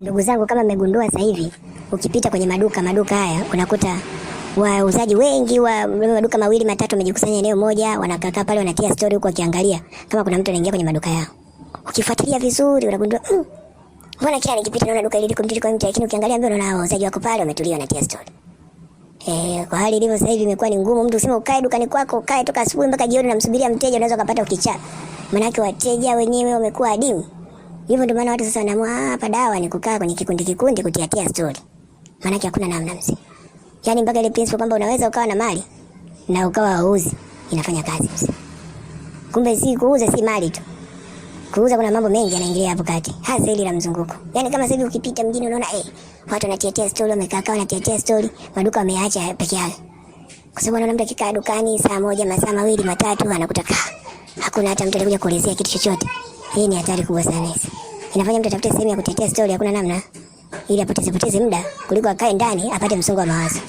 Ndugu zangu, kama mmegundua sasa hivi ukipita kwenye maduka maduka haya unakuta wauzaji wengi wa maduka mawili matatu wamejikusanya eneo moja, wanakaa pale, wanatia story huko, wakiangalia kama kuna mtu anaingia kwenye maduka yao. Ukifuatilia vizuri, unagundua mm, mbona kila nikipita naona duka hili liko mtu kwa mtu, lakini ukiangalia mbele unaona wauzaji wako pale, wametulia, wanatia story. Eh, kwa hali ilivyo sasa hivi imekuwa ni ngumu mtu useme ukae dukani kwako, ukae toka asubuhi mpaka jioni, unamsubiria mteja, unaweza kupata ukichaa. Maana wateja wenyewe wamekuwa adimu. Hivyo ndio maana watu sasa wanaamua ah, hapa, dawa ni kukaa kwenye kikundi kikundi, kutiatia stori maana hakuna namna mzee. Yaani mpaka ile principle kwamba unaweza ukawa na mali na ukawa hauzi inafanya kazi mzee. Kumbe si kuuza si mali tu. Kuuza kuna mambo mengi yanaingilia hapo kati, hasa ile la mzunguko. Yaani kama sasa ukipita mjini unaona eh, watu wanatiatia stori wamekaa kaa wanatiatia stori maduka wameacha peke yake. Kwa sababu anaona mtu akikaa dukani saa moja, masaa mawili, matatu anakuta ah, Hakuna hata mtu aliyekuja kuelezea kitu chochote. Hii ni hatari kubwa sana hizi inafanya mtu atafute sehemu ya kutetea stori, hakuna namna, ili apoteze poteze muda kuliko akae ndani apate msongo wa mawazo.